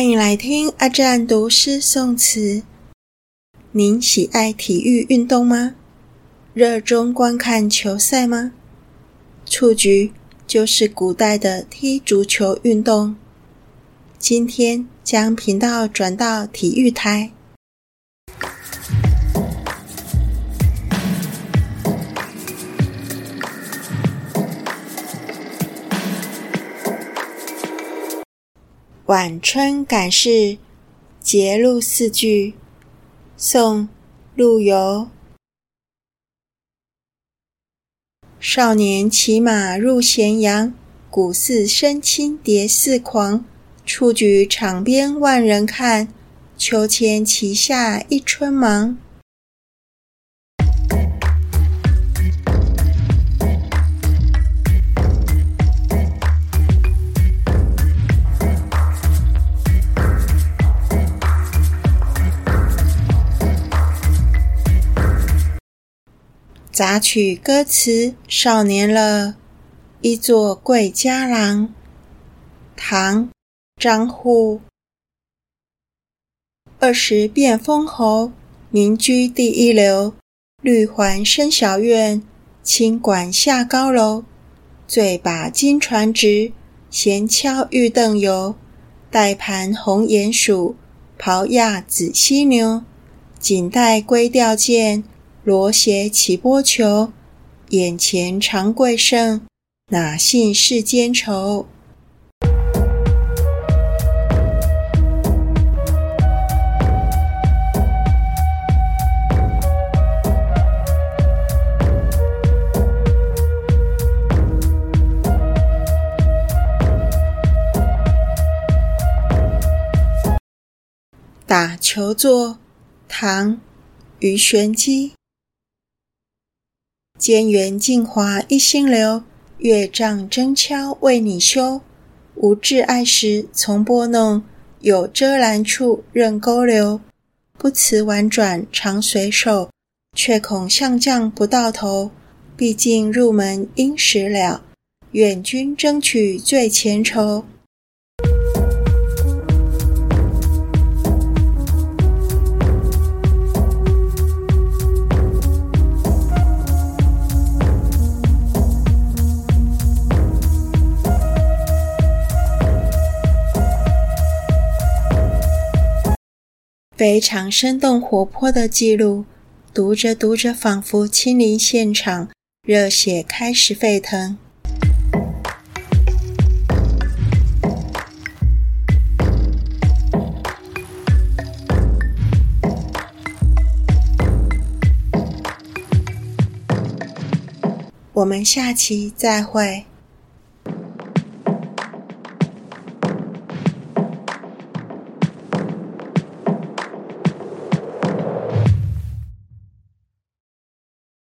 歡迎來聽阿占讀詩誦詞。您喜愛體育運動嗎？熱衷觀看球賽嗎？蹴鞠就是古代的踢足球運動。今天將頻道轉到體育台。《晚春感事·節錄四句》，宋·陸遊。少年騎馬入咸陽，鶻似身輕蝶似狂。蹴鞠場邊萬人看，秋千旗下一春忙。雜曲歌辭：少年樂，一作貴家郎。唐，張祜。二十便封侯，名居第一流。綠鬟深小院，清管下高樓。醉把金船擲，閒敲玉鐙遊。帶盤紅鼴鼠，袍砑紫犀牛。錦袋歸調箭。羅鞋起波球，眼前常貴勝，哪信世間愁？ 打球坐，唐，於玄機。堅圓淨滑一星流，月杖爭敲未擬休。無滯礙時從撥弄，有遮欄處任鉤留。不辭宛轉長隨手，卻恐相將不到頭。畢竟入門應始了，願君爭取最前籌。非常生動活潑的記錄，讀着讀着，仿佛親臨現場，熱血開始沸騰。我們下期再會。